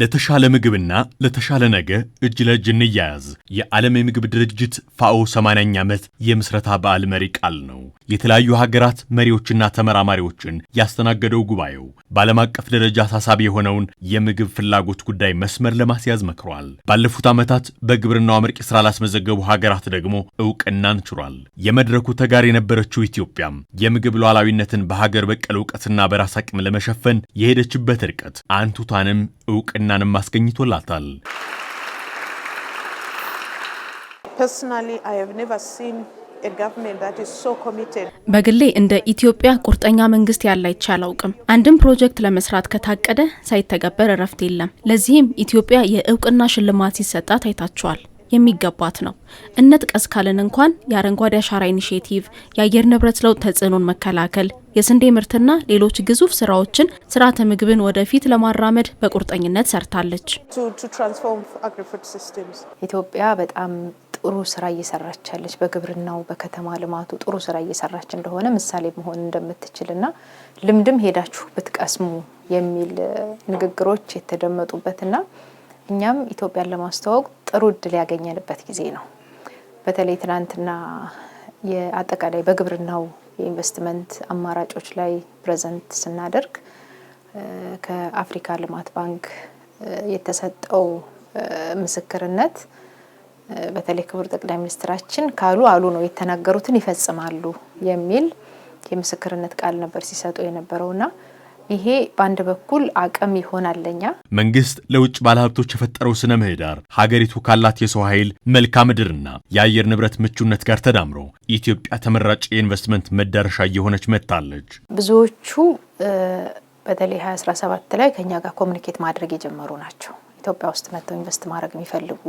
ለተሻለ ምግብና ለተሻለ ነገ እጅ ለእጅ እንያያዝ የዓለም የምግብ ድርጅት ፋኦ 80ኛ ዓመት የምስረታ በዓል መሪ ቃል ነው። የተለያዩ ሀገራት መሪዎችና ተመራማሪዎችን ያስተናገደው ጉባኤው በዓለም አቀፍ ደረጃ አሳሳቢ የሆነውን የምግብ ፍላጎት ጉዳይ መስመር ለማስያዝ መክሯል። ባለፉት ዓመታት በግብርናው አመርቂ ስራ ላስመዘገቡ ሀገራት ደግሞ እውቅናን ችሯል። የመድረኩ ተጋር የነበረችው ኢትዮጵያም የምግብ ሉዓላዊነትን በሀገር በቀል እውቀትና በራስ አቅም ለመሸፈን የሄደችበት ርቀት አንቱታንም ዕውቅ እውቅናንም አስገኝቶላታል። በግሌ እንደ ኢትዮጵያ ቁርጠኛ መንግስት ያለ አይቼ አላውቅም። አንድም ፕሮጀክት ለመስራት ከታቀደ ሳይተገበር እረፍት የለም። ለዚህም ኢትዮጵያ የእውቅና ሽልማት ሲሰጣት አይታችኋል። የሚገባት ነው። እንጥቀስ ካልን እንኳን የአረንጓዴ አሻራ ኢኒሽቲቭ፣ የአየር ንብረት ለውጥ ተጽዕኖን መከላከል፣ የስንዴ ምርትና ሌሎች ግዙፍ ስራዎችን ስርዓተ ምግብን ወደፊት ለማራመድ በቁርጠኝነት ሰርታለች። ኢትዮጵያ በጣም ጥሩ ስራ እየሰራች ያለች በግብርናው በከተማ ልማቱ ጥሩ ስራ እየሰራች እንደሆነ ምሳሌ መሆን እንደምትችልና ልምድም ሄዳችሁ ብትቀስሙ የሚል ንግግሮች የተደመጡበትና እኛም ኢትዮጵያን ለማስተዋወቅ ጥሩ እድል ያገኘንበት ጊዜ ነው። በተለይ ትናንትና የአጠቃላይ በግብርናው የኢንቨስትመንት አማራጮች ላይ ፕሬዘንት ስናደርግ ከአፍሪካ ልማት ባንክ የተሰጠው ምስክርነት በተለይ ክቡር ጠቅላይ ሚኒስትራችን ካሉ አሉ ነው የተናገሩትን ይፈጽማሉ የሚል የምስክርነት ቃል ነበር ሲሰጡ የነበረውና ይሄ በአንድ በኩል አቅም ይሆናል ለኛ መንግስት ለውጭ ባለሀብቶች የፈጠረው ስነ ምህዳር ሀገሪቱ ካላት የሰው ኃይል መልካ ምድርና የአየር ንብረት ምቹነት ጋር ተዳምሮ ኢትዮጵያ ተመራጭ የኢንቨስትመንት መዳረሻ እየሆነች መጥታለች። ብዙዎቹ በተለይ 2017 ላይ ከኛ ጋር ኮሚኒኬት ማድረግ የጀመሩ ናቸው። ኢትዮጵያ ውስጥ መጥተው ኢንቨስት ማድረግ የሚፈልጉ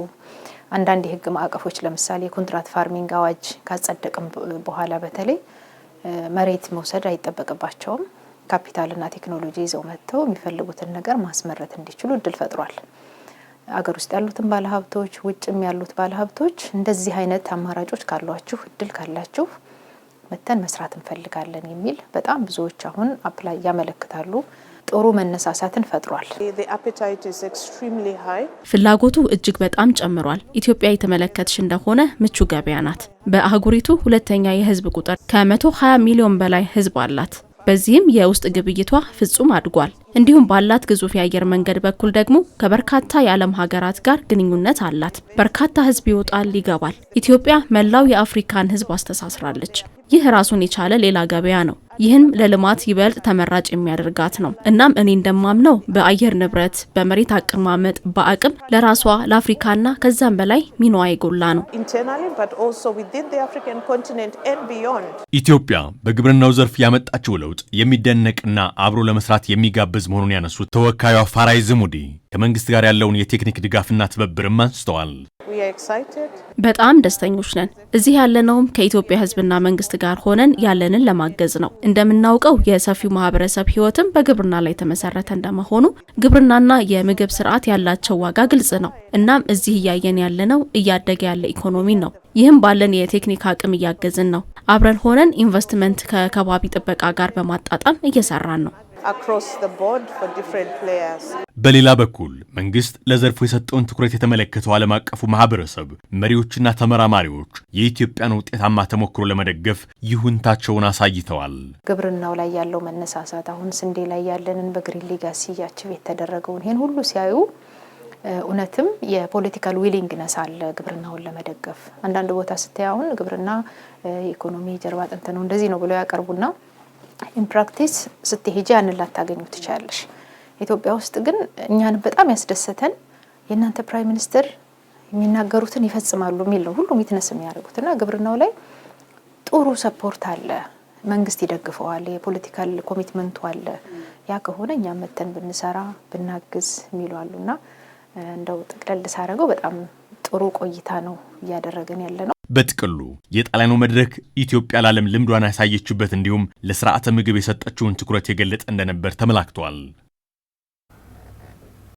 አንዳንድ የህግ ማዕቀፎች ለምሳሌ የኮንትራት ፋርሚንግ አዋጅ ካጸደቅም በኋላ በተለይ መሬት መውሰድ አይጠበቅባቸውም። ካፒታልና ቴክኖሎጂ ይዘው መጥተው የሚፈልጉትን ነገር ማስመረት እንዲችሉ እድል ፈጥሯል። አገር ውስጥ ያሉትን ባለሀብቶች፣ ውጭም ያሉት ባለሀብቶች እንደዚህ አይነት አማራጮች ካሏችሁ፣ እድል ካላችሁ መተን መስራት እንፈልጋለን የሚል በጣም ብዙዎች አሁን አፕላይ ያመለክታሉ። ጥሩ መነሳሳትን ፈጥሯል። ፍላጎቱ እጅግ በጣም ጨምሯል። ኢትዮጵያ የተመለከትሽ እንደሆነ ምቹ ገበያ ናት። በአህጉሪቱ ሁለተኛ የህዝብ ቁጥር ከ120 ሚሊዮን በላይ ህዝብ አላት። በዚህም የውስጥ ግብይቷ ፍጹም አድጓል። እንዲሁም ባላት ግዙፍ የአየር መንገድ በኩል ደግሞ ከበርካታ የዓለም ሀገራት ጋር ግንኙነት አላት። በርካታ ሕዝብ ይወጣል ይገባል። ኢትዮጵያ መላው የአፍሪካን ሕዝብ አስተሳስራለች። ይህ ራሱን የቻለ ሌላ ገበያ ነው። ይህም ለልማት ይበልጥ ተመራጭ የሚያደርጋት ነው። እናም እኔ እንደማምነው በአየር ንብረት፣ በመሬት አቀማመጥ፣ በአቅም ለራሷ ለአፍሪካና ከዛም በላይ ሚናዋ የጎላ ነው። ኢትዮጵያ በግብርናው ዘርፍ ያመጣችው ለውጥ የሚደነቅና አብሮ ለመስራት የሚጋብዝ መሆኑን ያነሱት ተወካዩ ፋራይ ዝሙዲ ከመንግስት ጋር ያለውን የቴክኒክ ድጋፍና ትብብርም አንስተዋል። በጣም ደስተኞች ነን። እዚህ ያለነውም ከኢትዮጵያ ሕዝብና መንግስት ጋር ሆነን ያለንን ለማገዝ ነው። እንደምናውቀው የሰፊው ማህበረሰብ ሕይወትም በግብርና ላይ የተመሰረተ እንደመሆኑ ግብርናና የምግብ ስርዓት ያላቸው ዋጋ ግልጽ ነው። እናም እዚህ እያየን ያለነው እያደገ ያለ ኢኮኖሚ ነው። ይህም ባለን የቴክኒክ አቅም እያገዝን ነው። አብረን ሆነን ኢንቨስትመንት ከከባቢ ጥበቃ ጋር በማጣጣም እየሰራን ነው። በሌላ በኩል መንግስት ለዘርፉ የሰጠውን ትኩረት የተመለከተው ዓለም አቀፉ ማህበረሰብ መሪዎችና ተመራማሪዎች የኢትዮጵያን ውጤታማ ተሞክሮ ለመደገፍ ይሁንታቸውን አሳይተዋል። ግብርናው ላይ ያለው መነሳሳት፣ አሁን ስንዴ ላይ ያለንን በግሪን ሌጋሲ ያችብ የተደረገውን ይህን ሁሉ ሲያዩ እውነትም የፖለቲካል ዊሊንግነስ አለ ግብርናውን ለመደገፍ። አንዳንድ ቦታ ስታይ አሁን ግብርና የኢኮኖሚ ጀርባ አጥንት ነው እንደዚህ ነው ብለው ያቀርቡና ፕራክቲስ ስትሄጂ ያንን ላታገኙ ትችላለሽ። ኢትዮጵያ ውስጥ ግን እኛን በጣም ያስደሰተን የእናንተ ፕራይም ሚኒስትር የሚናገሩትን ይፈጽማሉ የሚል ነው። ሁሉም ዊትነስ የሚያደርጉት እና ግብርናው ላይ ጥሩ ሰፖርት አለ፣ መንግስት ይደግፈዋል፣ የፖለቲካል ኮሚትመንቱ አለ። ያ ከሆነ እኛ መተን ብንሰራ ብናግዝ የሚሉ እና እንደው ጥቅለል ሳረገው በጣም ጥሩ ቆይታ ነው እያደረገን ያለ ነው። በጥቅሉ የጣሊያኑ መድረክ ኢትዮጵያ ለዓለም ልምዷን ያሳየችበት እንዲሁም ለስርዓተ ምግብ የሰጠችውን ትኩረት የገለጠ እንደነበር ተመላክቷል።